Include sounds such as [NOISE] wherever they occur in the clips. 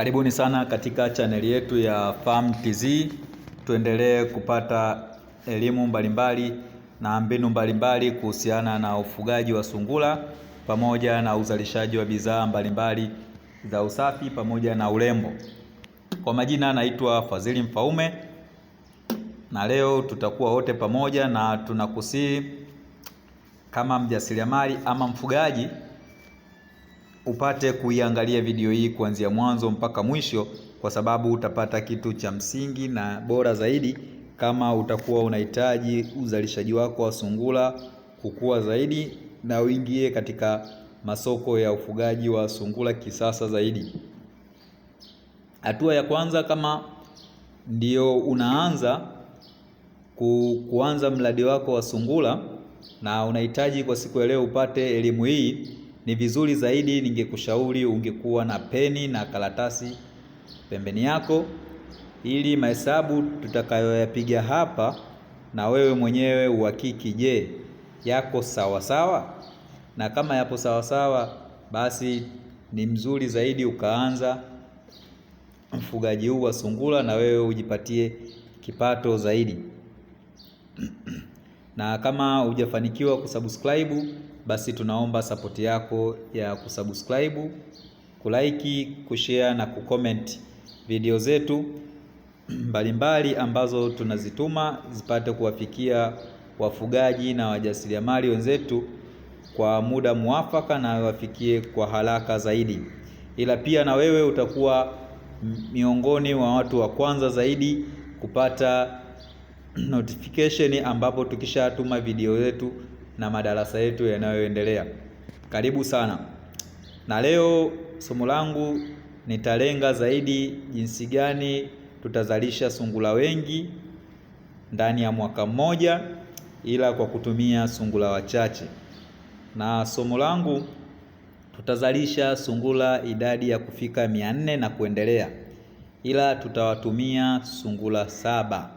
Karibuni sana katika chaneli yetu ya Farm TZ. Tuendelee kupata elimu mbalimbali na mbinu mbalimbali kuhusiana na ufugaji wa sungura pamoja na uzalishaji wa bidhaa mbalimbali za usafi pamoja na urembo. Kwa majina naitwa Fadhili Mfaume na leo tutakuwa wote pamoja na tunakusii kama mjasiriamali ama mfugaji upate kuiangalia video hii kuanzia mwanzo mpaka mwisho, kwa sababu utapata kitu cha msingi na bora zaidi kama utakuwa unahitaji uzalishaji wako wa sungura kukua zaidi na uingie katika masoko ya ufugaji wa sungura kisasa zaidi. Hatua ya kwanza kama ndio unaanza ku, kuanza mradi wako wa sungura na unahitaji kwa siku ya leo upate elimu hii ni vizuri zaidi, ningekushauri ungekuwa na peni na karatasi pembeni yako, ili mahesabu tutakayoyapiga hapa na wewe mwenyewe uhakiki, je, yako sawasawa sawa? Na kama yapo sawasawa sawa, basi ni mzuri zaidi ukaanza mfugaji huu wa sungura na wewe ujipatie kipato zaidi. [CLEARS THROAT] Na kama hujafanikiwa kusubscribe basi tunaomba sapoti yako ya kusubscribe, kulike, kushare na kucomment video zetu [CLEARS THROAT] mbalimbali ambazo tunazituma zipate kuwafikia wafugaji na wajasiriamali wenzetu kwa muda mwafaka na wafikie kwa haraka zaidi. Ila pia na wewe utakuwa miongoni mwa watu wa kwanza zaidi kupata [CLEARS THROAT] notification ambapo tukishatuma video yetu na madarasa yetu yanayoendelea. Karibu sana. Na leo somo langu nitalenga zaidi jinsi gani tutazalisha sungura wengi ndani ya mwaka mmoja ila kwa kutumia sungura wachache. Na somo langu tutazalisha sungura idadi ya kufika mia nne na kuendelea, ila tutawatumia sungura saba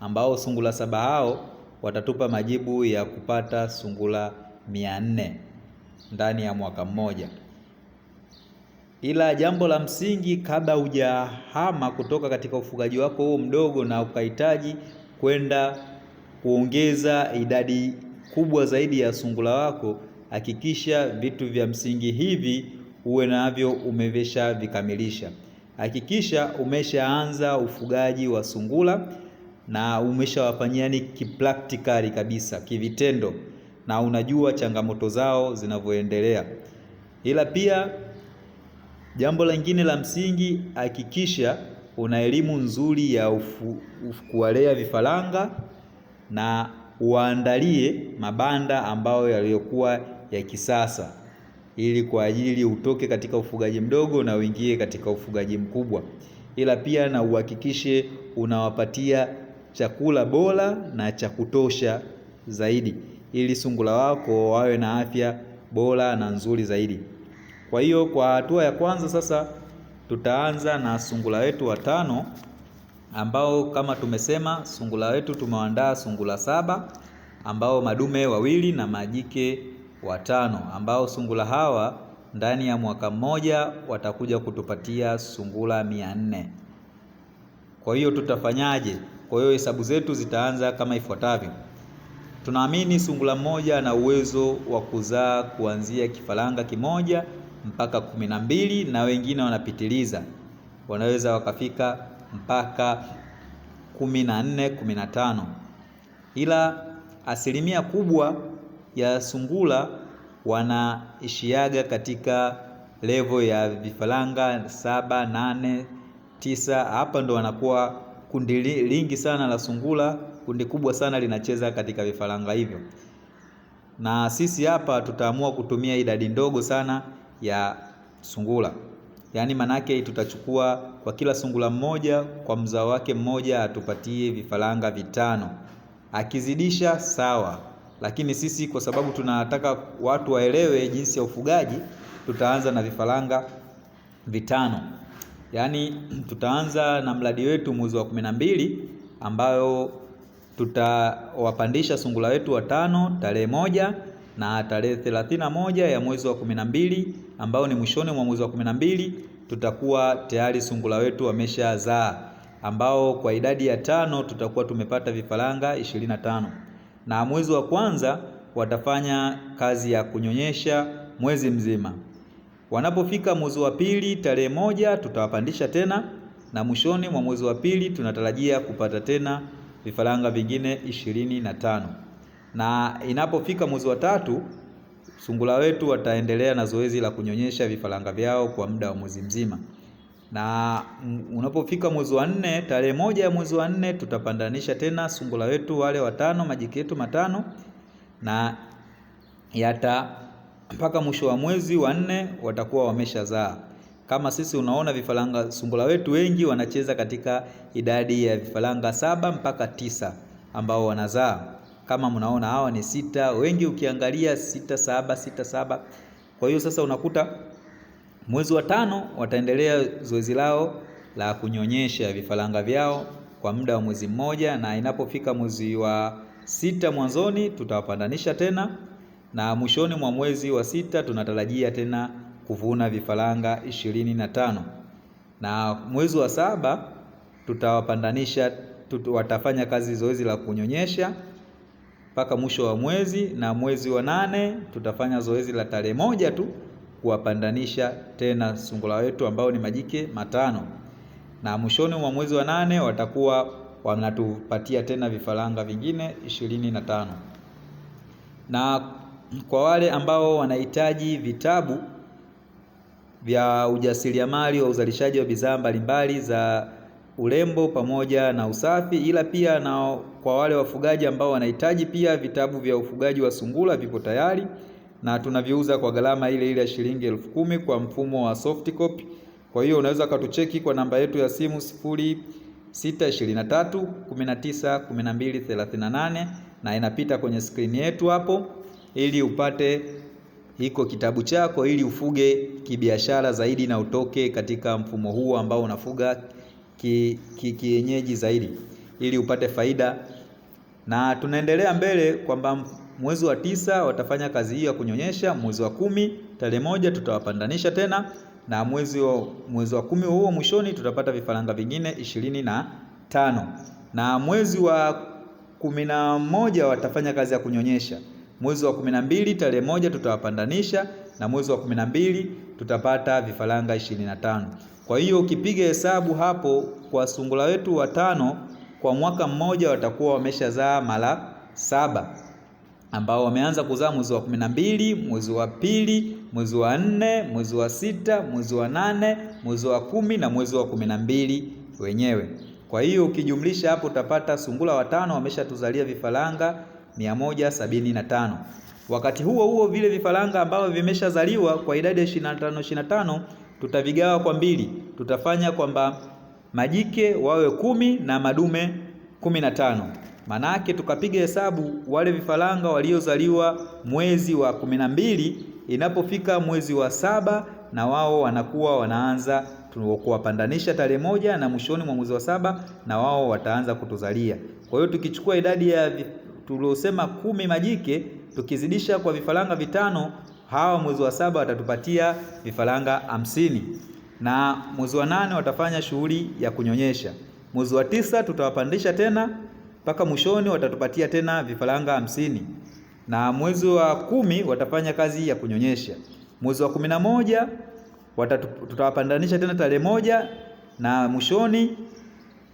ambao sungura saba hao watatupa majibu ya kupata sungura mia nne ndani ya mwaka mmoja. Ila jambo la msingi kabla hujahama kutoka katika ufugaji wako huo mdogo na ukahitaji kwenda kuongeza idadi kubwa zaidi ya sungura wako, hakikisha vitu vya msingi hivi uwe navyo umevesha vikamilisha. Hakikisha umeshaanza ufugaji wa sungura na umeshawafanyia ni kipraktikali kabisa kivitendo, na unajua changamoto zao zinavyoendelea. Ila pia jambo lingine la msingi, hakikisha una elimu nzuri ya kuwalea vifaranga na uandalie mabanda ambayo yaliyokuwa ya kisasa ili kwa ajili utoke katika ufugaji mdogo na uingie katika ufugaji mkubwa, ila pia na uhakikishe unawapatia chakula bora na cha kutosha zaidi ili sungura wako wawe na afya bora na nzuri zaidi. Kwa hiyo kwa hatua ya kwanza sasa tutaanza na sungura wetu watano ambao kama tumesema sungura wetu tumewaandaa sungura saba ambao madume wawili na majike watano ambao sungura hawa ndani ya mwaka mmoja watakuja kutupatia sungura mia nne. Kwa hiyo tutafanyaje? Kwa hiyo hesabu zetu zitaanza kama ifuatavyo. Tunaamini sungura mmoja ana uwezo wa kuzaa kuanzia kifaranga kimoja mpaka kumi na mbili na wengine wanapitiliza, wanaweza wakafika mpaka kumi na nne kumi na tano ila asilimia kubwa ya sungura wanaishiaga katika levo ya vifaranga saba, nane, tisa. Hapa ndo wanakuwa kundi lingi sana la sungura, kundi kubwa sana linacheza katika vifaranga hivyo, na sisi hapa tutaamua kutumia idadi ndogo sana ya sungura, yaani manake tutachukua kwa kila sungura mmoja, kwa mzao wake mmoja atupatie vifaranga vitano, akizidisha sawa. Lakini sisi kwa sababu tunataka watu waelewe jinsi ya ufugaji, tutaanza na vifaranga vitano. Yaani tutaanza na mradi wetu mwezi wa kumi na mbili ambayo tutawapandisha sungura wetu watano tarehe moja na tarehe thelathini na moja ya mwezi wa kumi na mbili ambao ni mwishoni mwa mwezi wa kumi na mbili tutakuwa tayari sungura wetu wameshazaa ambao kwa idadi ya tano tutakuwa tumepata vifaranga ishirini na tano na mwezi wa kwanza watafanya kazi ya kunyonyesha mwezi mzima. Wanapofika mwezi wa pili tarehe moja tutawapandisha tena, na mwishoni mwa mwezi wa pili tunatarajia kupata tena vifaranga vingine ishirini na tano na inapofika mwezi wa tatu sungura wetu wataendelea na zoezi la kunyonyesha vifaranga vyao kwa muda wa mwezi mzima, na unapofika mwezi wa nne tarehe moja ya mwezi wa nne tutapandanisha tena sungura wetu wale watano, majike yetu matano na yata mpaka mwisho wa mwezi wa nne watakuwa wameshazaa. Kama sisi unaona vifaranga sungura wetu wengi wanacheza katika idadi ya vifaranga saba mpaka tisa ambao wanazaa. Kama mnaona hawa ni sita, wengi ukiangalia sita saba sita saba. Kwa hiyo sasa unakuta mwezi wa tano wataendelea zoezi lao la kunyonyesha vifaranga vyao kwa muda wa mwezi mmoja, na inapofika mwezi wa sita mwanzoni tutawapandanisha tena na mwishoni mwa mwezi wa sita tunatarajia tena kuvuna vifaranga ishirini na tano na mwezi wa saba tutawapandanisha tutu, watafanya kazi zoezi la kunyonyesha mpaka mwisho wa mwezi, na mwezi wa nane tutafanya zoezi la tarehe moja tu kuwapandanisha tena sungura wetu ambao ni majike matano, na mwishoni mwa mwezi wa nane watakuwa wanatupatia tena vifaranga vingine ishirini na tano na kwa wale ambao wanahitaji vitabu vya ujasiriamali wa uzalishaji wa bidhaa mbalimbali za urembo pamoja na usafi, ila pia na kwa wale wafugaji ambao wanahitaji pia vitabu vya ufugaji wa sungura vipo tayari na tunaviuza kwa gharama ile ile ya shilingi elfu kumi kwa mfumo wa soft copy. Kwa hiyo unaweza ukatucheki kwa namba yetu ya simu 0623191238 na inapita kwenye skrini yetu hapo ili upate hiko kitabu chako ili ufuge kibiashara zaidi na utoke katika mfumo huu ambao unafuga kienyeji ki, ki zaidi ili upate faida. Na tunaendelea mbele kwamba mwezi wa tisa watafanya kazi hiyo ya kunyonyesha, mwezi wa kumi tarehe moja tutawapandanisha tena, na mwezi wa, mwezi wa kumi huo mwishoni tutapata vifaranga vingine ishirini na tano na mwezi wa kumi na moja watafanya kazi ya kunyonyesha. Mwezi wa 12 tarehe moja tutawapandanisha na mwezi wa 12 tutapata vifaranga 25. Kwa hiyo ukipiga hesabu hapo kwa sungura wetu watano kwa mwaka mmoja watakuwa wameshazaa mara saba ambao wameanza kuzaa mwezi wa kumi na mbili, mwezi wa pili, mwezi wa nne, mwezi wa sita, mwezi wa nane, mwezi wa kumi na mwezi wa kumi na mbili wenyewe. Kwa hiyo ukijumlisha hapo utapata sungura watano wameshatuzalia vifaranga 175. Wakati huo huo vile vifaranga ambavyo vimeshazaliwa kwa idadi ya 25 25 tutavigawa kwa mbili. Tutafanya kwamba majike wawe kumi na madume 15. na tano. Manake tukapiga hesabu wale vifaranga waliozaliwa mwezi wa kumi na mbili inapofika mwezi wa saba na wao wanakuwa wanaanza kuwapandanisha tarehe moja na mwishoni mwa mwezi wa saba na wao wataanza kutuzalia. Kwa hiyo tukichukua idadi ya tuliosema kumi majike tukizidisha kwa vifaranga vitano, hawa mwezi wa saba watatupatia vifaranga hamsini na mwezi wa nane watafanya shughuli ya kunyonyesha. Mwezi wa tisa tutawapandisha tena mpaka mwishoni watatupatia tena vifaranga hamsini na mwezi wa kumi watafanya kazi ya kunyonyesha. Mwezi wa kumi na moja tutawapandanisha tena tarehe moja na mwishoni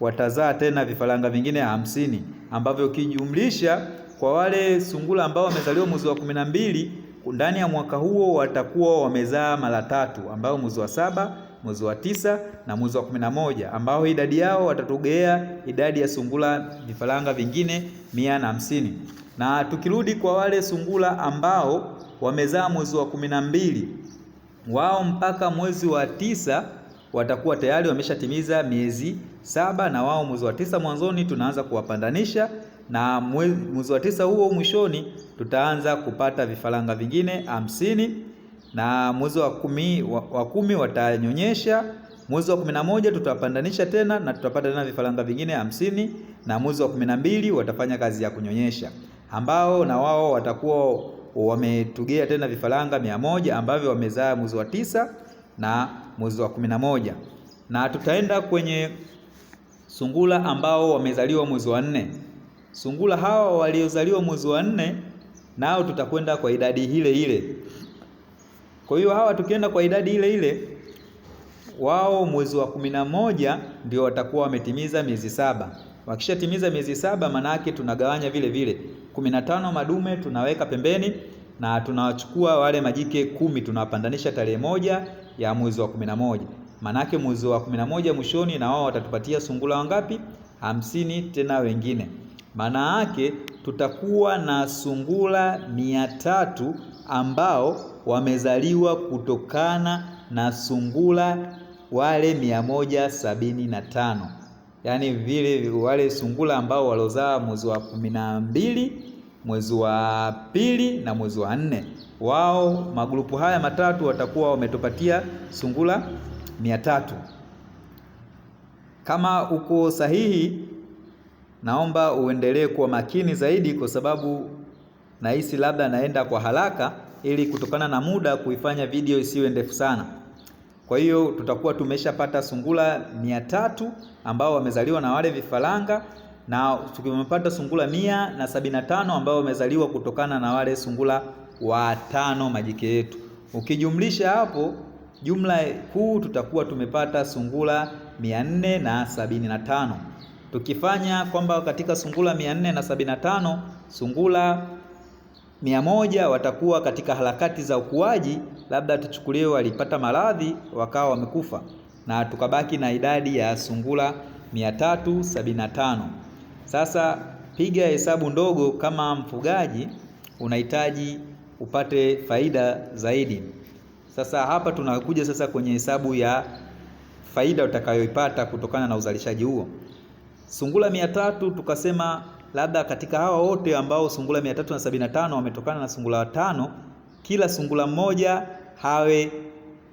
watazaa tena vifaranga vingine hamsini ambavyo ukijumlisha kwa wale sungura ambao wamezaliwa mwezi wa kumi na mbili ndani ya mwaka huo watakuwa wamezaa mara tatu, ambao mwezi wa saba, mwezi wa tisa na mwezi wa kumi na moja, ambao idadi yao watatugea idadi ya sungura vifaranga vingine mia na hamsini. Na tukirudi kwa wale sungura ambao wamezaa mwezi wa kumi na mbili, wao mpaka mwezi wa tisa watakuwa tayari wameshatimiza miezi saba, na wao mwezi wa tisa mwanzoni tunaanza kuwapandanisha, na mwezi wa tisa huo mwishoni tutaanza kupata vifaranga vingine hamsini, na mwezi wa kumi, wa, wa kumi watanyonyesha mwezi wa kumi na moja tutawapandanisha tena na tutapata tena vifaranga vingine hamsini na mwezi wa kumi na mbili watafanya kazi ya kunyonyesha, ambao na wao watakuwa wametugea tena vifaranga mia moja ambavyo wamezaa mwezi wa tisa na mwezi wa kumi na moja na tutaenda kwenye sungura ambao wamezaliwa mwezi wa nne. Sungura hawa waliozaliwa mwezi wa nne nao tutakwenda kwa idadi ile ile. Kwa hiyo hawa tukienda kwa idadi ile ile, wao mwezi wa kumi na moja ndio watakuwa wametimiza miezi saba. Wakishatimiza miezi saba, yake tunagawanya vile vile, kumi na tano madume tunaweka pembeni na tunawachukua wale majike kumi tunawapandanisha tarehe moja ya mwezi wa kumi na moja. Manake mwezi wa kumi na moja mwishoni, na wao watatupatia sungura wangapi? Hamsini tena wengine. Maana yake tutakuwa na sungura mia tatu ambao wamezaliwa kutokana na sungura wale mia moja sabini na tano yaani vile wale sungura ambao walozaa mwezi wa kumi na mbili mwezi wa pili na mwezi wa nne wao magrupu haya matatu watakuwa wametupatia sungura mia tatu. Kama uko sahihi, naomba uendelee kuwa makini zaidi, kwa sababu nahisi labda naenda kwa haraka, ili kutokana na muda kuifanya video isiwe ndefu sana. Kwa hiyo tutakuwa tumeshapata sungura mia tatu ambao wamezaliwa na wale vifaranga na tumepata sungura mia na sabini na tano ambao wamezaliwa kutokana na wale sungura wa tano majike yetu. Ukijumlisha hapo jumla kuu tutakuwa tumepata sungura mia nne na sabini na tano. Tukifanya kwamba katika sungura mia nne na sabini na tano sungura mia moja watakuwa katika harakati za ukuaji, labda tuchukulie walipata maradhi wakawa wamekufa, na tukabaki na idadi ya sungura mia tatu sabini na tano. Sasa piga hesabu ndogo, kama mfugaji unahitaji upate faida zaidi. Sasa hapa tunakuja sasa kwenye hesabu ya faida utakayoipata kutokana na uzalishaji huo. Sungula mia tatu tukasema labda katika hawa wote ambao sungula mia tatu na sabini na tano wametokana na sungula watano, kila sungula mmoja hawe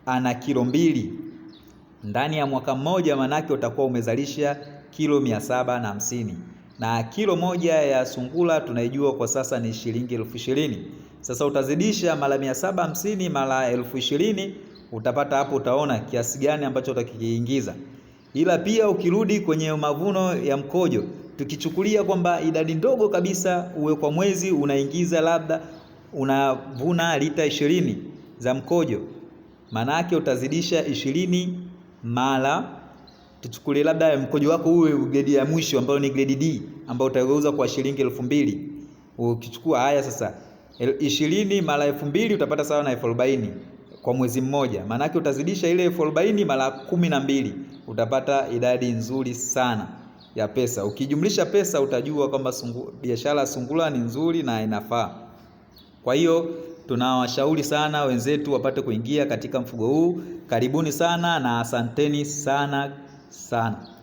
ana kilo mbili ndani ya mwaka mmoja, manake utakuwa umezalisha kilo mia saba na hamsini na kilo moja ya sungula tunaijua kwa sasa ni shilingi elfu ishirini. Sasa utazidisha mara mia saba hamsini mara elfu ishirini utapata hapo, utaona kiasi gani ambacho utakiingiza. Ila pia ukirudi kwenye mavuno ya mkojo, tukichukulia kwamba idadi ndogo kabisa, uwe kwa mwezi unaingiza labda unavuna lita ishirini za mkojo, maanake utazidisha ishirini mara tuchukulie labda mkojo wako uwe gredi ya mwisho ambayo ni gredi D ambayo utauza kwa shilingi elfu mbili ukichukua haya sasa ishirini mara elfu mbili utapata sawa na elfu arobaini kwa mwezi mmoja. Maanake utazidisha ile elfu arobaini mara kumi na mbili utapata idadi nzuri sana ya pesa. Ukijumlisha pesa utajua kwamba biashara ya sungura ni nzuri na inafaa. Kwa hiyo tunawashauri sana wenzetu wapate kuingia katika mfugo huu. Karibuni sana na asanteni sana sana.